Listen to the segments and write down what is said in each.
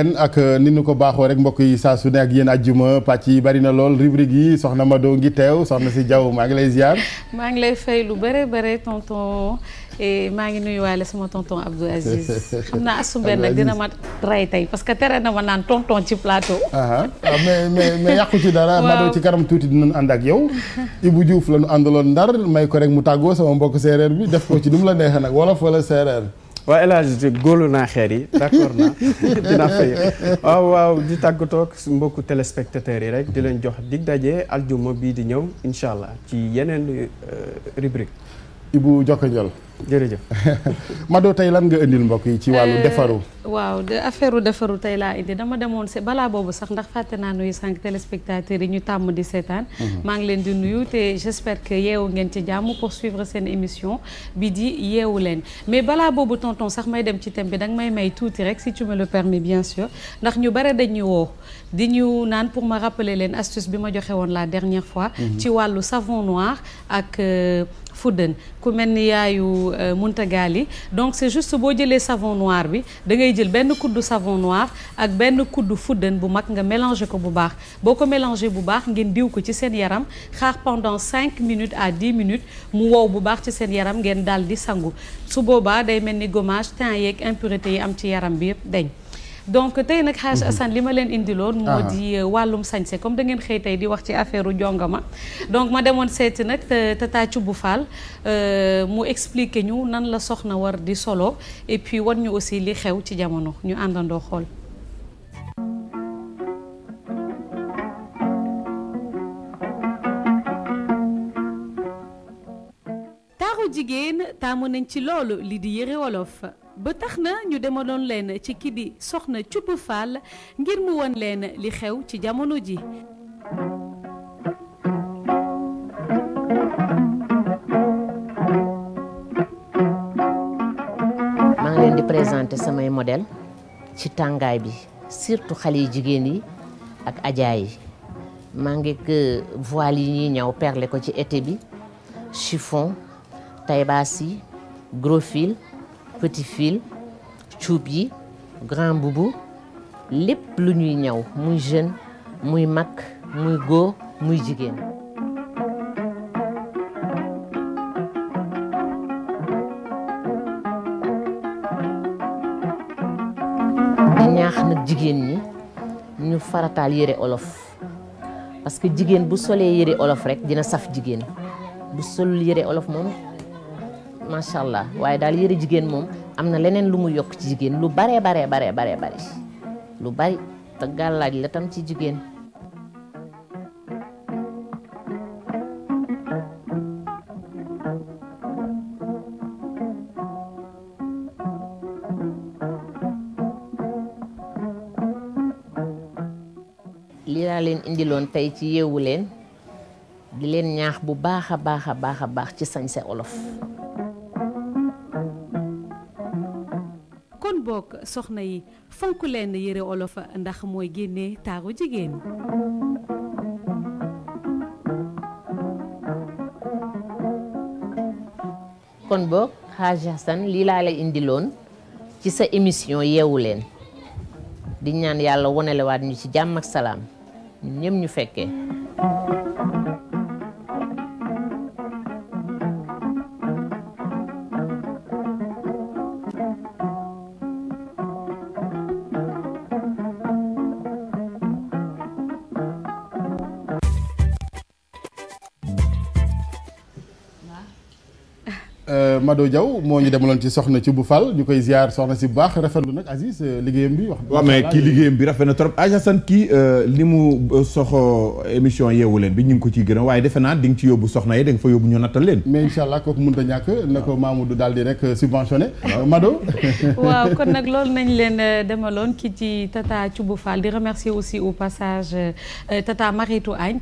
en ak euh, ni ñu ko baaxoo rek mbokk yi saa su ne ak yéen ma pàcc yi bari na lool rubrique yi soxna Mado ngi teew soxna si jaww maa ngi lay ziar. maa ngi lay fay lu bare bare tonton maa ngi nuyuwaale sama tonton Abdou Aziz xam naa asumben nag dina ma rey tey parce que tere na ma naan tonton ci plateau. waaw ah, mais mais mais yàqu ci dara. Mado ci kanam tuuti dinañ ànd ak yow. Ibou Diouf la ñu àndaloon ndar may ko rek mu tàggoo sama mbokk séeréer bi def ko ci nu mu la neexee nag wolof wala séeréer. waaw El Hadj góolu naa xeer yi d' accord na dina fay waaw waaw di tàggatoog mbokku téléspectateurs yi rek di leen jox dig daje aljuma bii di ñëw incha allah ci yeneen euh, rubrique Ibou Jokalante. jërëjëf Mado tey lan nga indil mbokk yi ci wàllu eh, defaru waaw de affaire defaru tey laa indi dama demoon si balaa boobu sax ndax fàtte naa nuyu sànq téléspectateurs yi ñu tàmm di seetaan mhm. maa ngi leen di nuyu te j'espère que yeewu ngeen ci jàmm pour suivre seen émission bi di yeewu leen mais balaa boobu tonton sax may dem ci thème bi danga may may tuuti rek si tu me le permets bien sûr ndax ñu bare dañu woo di ñu naan pour ma rappeler leen astuce bi ma joxe woon la dernière fois mhm. ci wàllu savon noir ak euh, Foden ku mel ni yaayu euh, Muntagali donc c'est juste boo jëlee savon noir bi da ngay jël benn kuddu savon noir ak benn kuddu fuddën bu mag nga mélanger ko bu baax boo ko mélanger bu baax ngeen diw ko ci seen yaram xaar pendant cinq minutes à dix minutes mu wow bu baax ci seen yaram ngeen daal di sangu su boobaa day mel ni gommage teint yeeg impureté yi am ci yaram bi yëpp dañ donc tey nag xaaj mhm. Assane li ma leen indiloon moo di euh, wàllum sañse comme da ngeen xëy tey di wax ci affaire jongama donc ma demoon seeti nag euh, Tata Thioub Fall euh, mu explique ñu nan la soxna war di solo et puis wan ñu aussi li xew ci jamono ñu àndandoo xool taaru jigéen taamu nañ ci loolu li di yëre wolof ba tax na ñu demaloon leen ci kii di soxna Cubb Fall ngir mu won leen li xew ci jamono ji. maa ngi leen di présenter samay model ci tàngaay bi surtout xale yu jigéen yi ak ajaay yi maa ngi voile yi ñuy ñaw perle ko ci été bi chiffon taybas yi gros petit fil cuub yi grand boubou lépp lu ñuy ñaw muy jeune muy mag muy góor muy jigéen ñaax nag jigéen ñi ñu farataal yére olof parce que jigéen bu solee yére olof rek dina saf jigéen bu solul yëre olof moom macha allah waaye daal yére jigéen moom am na leneen lu mu yokk ci jigéen lu baree baree baree baree bare lu bari te gàllaaj la tam ci jigéen li laa leen indiloon tey ci yeewu leen di leen ñaax bu baax a baax a baax a baax ci sañse olof bokk soxna yi fonk leen yëre olof ndax mooy génnee taaru jigéen kon boog Hadj Hassan lii laa la indiloon ci sa émission yeewu leen di ñaan yàlla wonelewaat ñu ci jàmm ak salaam ñun ñu fekkee Euh, Mado Diaw moo ñu demaloon ci soxna ci bu Fall ñu koy ziar soxna si bu baax rafetlu nag Aziz euh, liggéeyam bi wax. mais kii euh, liggéeyam bi rafet na trop Aja li mu soxo émission yeewu leen bi ñu ngi ko ciy gërëm waaye defe naa di nga ci yóbbu soxna yi da nga fa yóbbu ñu nattal leen. mais incha allah kooku mënut a ñàkk na ko Mamadou daal di rek subventionné Mado. waaw kon nag loolu nañ leen demaloon ki ci tata ci bu Fall di remercier aussi au passage tata Maritou Agne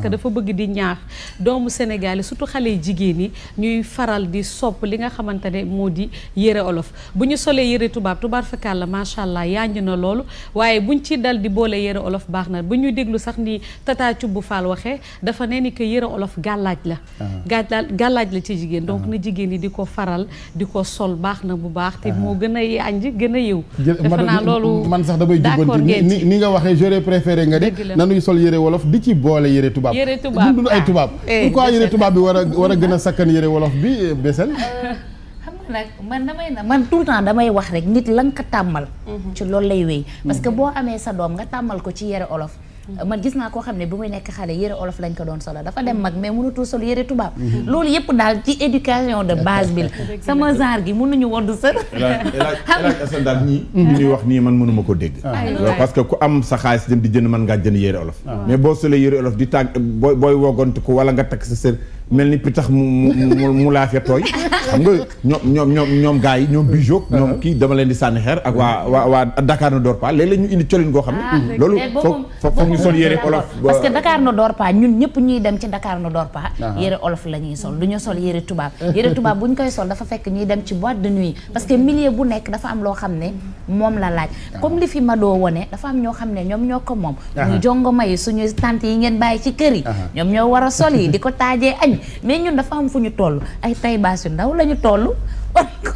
a que dafa bëgg di ñaax doomu Sénégal yi surtout xale jigéen yi ñuy faral di sopp li nga xamante ne moo di yëre olof bu ñu solee yëre tubaab tubaab fakkaat la macha allah yaañu na loolu waaye buñ ci dal di boolee yëre olof baax na bu ñuy déglu sax ni tata Cubb Faal waxee dafa nee ni que yëre olof gàllaaj la ah. gàllaaj la ci jigéen donc ah. na jigéen yi di ko faral di ko sol baax na bu baax te ah. moo gën a ànj gën a yëw defe naa loolu man sax damay jubbanti ni nga waxee j'aurais sol yëre wolof di ci boole yëre tubaab dund ay tubaab eh, pourquoi yëre tubaab bi war a war a gën a sakkan yëre wolof bi eh, Bessél euh, xam nga nag man na may na man tout le temps damay wax rek nit lan nga ko tàmmal mhm. ci loolu lay wéy parce que mhm. boo amee sa doom nga tàmmal ko ci yëre olof Euh, man gis naa koo xam ne bu muy nekk xale yére olof lañ ko doon solo dafa dem mag mais mënutul sol yére tubaab mhm. loolu yëpp daal ci éducation de base bi la sama genre gi mënuñu wodd sër laaj asan daal ñii ñu mhm. ñuy wax nii man mënuma ko dégg ah, parce que ku am sa xaalis dem di jënd mën ngaa jën yére olof ah. mais boo solee yére olof di tàgg booy woggantu ko wala nga takk sa sër mel ni pitax mu mu mu laa fee tooy xam nga ñoom ñoom yi ñoom bijoog ñoom uh-huh. kii dama leen di sànni xeer ak waa waa waa Dakar ne dort pas léeg-léeg ñu indi colin goo xam ne ah, loolu eh, foog foog ñu sol yére olof parce que Dakar ne dort pas ñun ñuy dem ci Dakar ne dort pas uh-huh. yére olof la ñuy sol du ñu sol yére tubaab yére tubaab bu ñu koy sol dafa fekk ñuy dem ci boîte de nuit parce que bu nekk dafa am loo xam ne moom la laaj uh-huh. comme li fi doo wone dafa am ñoo xam ne ñoom ñoo ko moom ñu jongoma yi suñu tante yi ngeen bàyyi ci kër yi a mais ñun dafa am fu ñu toll ay tay baas yu ndaw la ñu toll war ko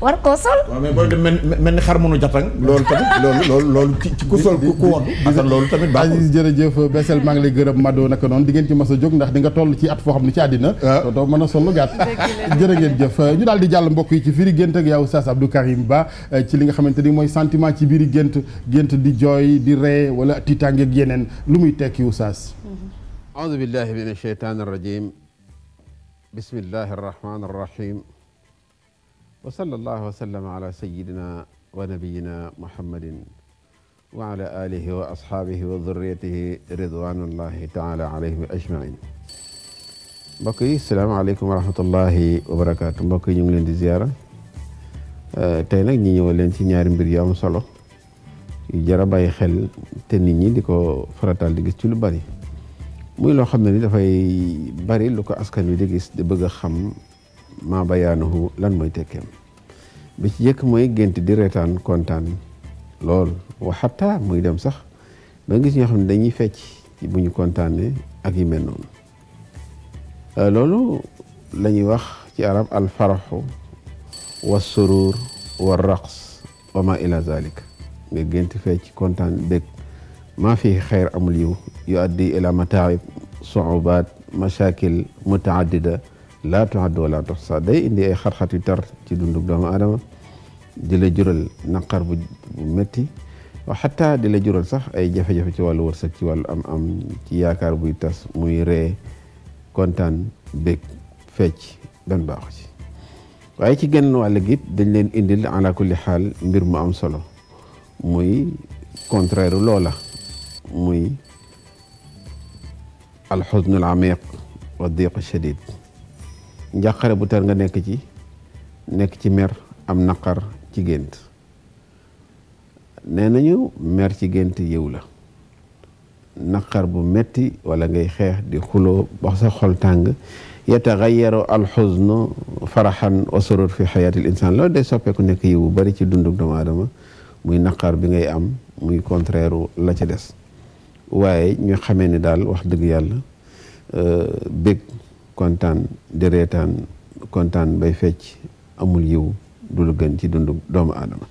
war koo sol. mel ni xar mënu jatang loolu tamit loolu loolu loolu ci ku sol ku woon. asan loolu tamit baaxul Aziz jërëjëf Bessel maa ngi lay gërëm Mado naka noonu di ngeen ci mas a jóg ndax di nga toll ci at foo xam ne ci àddina. waaw ah. doo mën a sol lu gàtt. jërë ngeen jëf ñu daal di jàll mbokk yi ci firi gént ak yow Oustaz Abdou Karim Ba eh, ci li nga xamante ni mooy sentiment ci biiri gént gént di jooy di ree wala tiitaange ak yeneen lu muy tekki Oustaz. aouzu billahi mina shaytaani rajim bismillahi arrahmani arrahim wa sallallahu wa sallam ala sayidina wa nabiyina muhammadin wa ala alihi wa asxaabihi wa zurriyatihi ridwanullahi taala alayhim ajmain mbokk yi salaamaaleykum wa rahmatullahi wa barakaatu mbokk yi ñu ngi leen di ziyaara euh, tey nag ñi ñëw leen ci ñaari mbir yu am solo yu jar a bàyyi xel te nit ñi di ko faratal di gis ci lu bari muy loo xam ne ni dafay bari lu ko askan wi di gis di bëgg xam maa bayaanuhu lan mooy tekkeem bi ci jëkk mooy gént di reetaan kontaan lool wa muy dem sax ba gis ñoo xam ne dañuy fecc bu ñu kontaanee ak yu mel euh, loolu la ñuy wax ci arab al faraxu wa surur wa raqs wa ma ila zalik nga gént fecc kontaan bég maa fi xeer amul yiw yuaddi ila mataib suubat machakil mutaaddida laa tuhadd wala tuxsa day indi ay xar-xat yu tar ci dundug doomu aadama di la jural naqar bu metti wa xataa di la jural sax ay jafe-jafe ci wàllu wërsëg ci wàllu am am ci yaakaar buy tas muy ree kontaan bég fecc dan baaxu ci waaye ci gën wàll gi dañ leen indil ala kulli xaal mbir mu am solo muy contraire loola muy alxusnu al amiq wa diq shadid njàqare bu ter nga nekk ci nekk ci mer am naqar ci gént nee nañu mer ci gént yiw la naqar bu metti wala ngay xeex di xuloo ba sa xol tàng yataxayaru alxusnu faraxan wa surur fi xayaatil insaan loolu day soppeeku nekk yiw bu bari ci dundug doomu aadama muy naqar bi ngay am muy contraire la ca des waaye ñu xamee ni daal wax dëgg yàlla Euh, bég kontaan di kontaan bay fecc amul yow dul gën ci dundu doomu aadama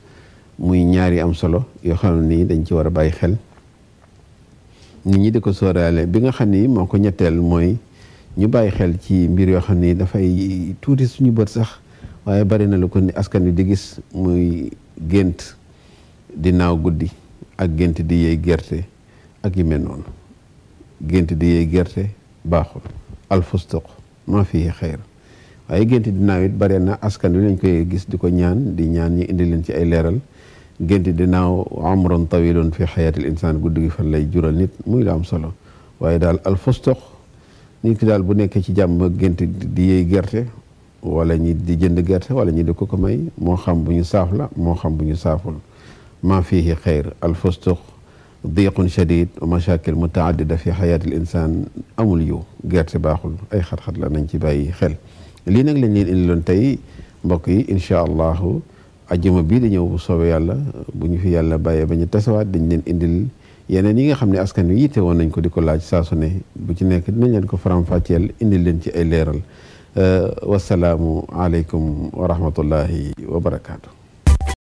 muy ñaari am solo yoo xam ni dañ ci war a bàyyi xel nit ñi di ko sóoraale bi nga xam ni moo ko ñetteel mooy ñu bàyyi xel ci mbir yoo xam ni dafay tuuti suñu bët sax waaye bari na lu ko askan wi di gis muy gént di naaw guddi ak gént di yeey gerte ak yu mel noonu gént di yeey gerte baaxul alfustuq ma fii xeyr waaye génti dinaaw it bare na askan wi lañ koy gis di ko ñaan di ñaan ñu indi leen ci ay leeral gént génti dinaaw amron tawilun fi xayaatil insaan guddi gi fan lay jural nit muy la am solo waaye daal alfustuq ñu ki daal bu nekkee ci jàmm génti di yëy gerte wala ñi di jënd gerte wala ñu di ko ko may moo xam bu ñu saaf la moo xam bu ñu saaful maa fii xeyr alfustuq diqun shadid wa machakil mutaaddida fi xayaati l insaan amul yiw gerte baaxul ay xat-xat la nañ ci bàyyi xel lii nag lañ leen indiloon tey mbokk yi incha allahu ajjuma bii di ñëw bu soobee yàlla bu ñu fi yàlla bàyyee ba ñu tasawaat dañ leen indil yeneen yi nga xam ne askan wi yitte woon nañ ko di ko laaj saa su ne bu ci nekk dinañ leen ko faram-fàcceel indil leen ci ay leeral wasalaamu aleykum wa rahmatullahi wa barakaatu.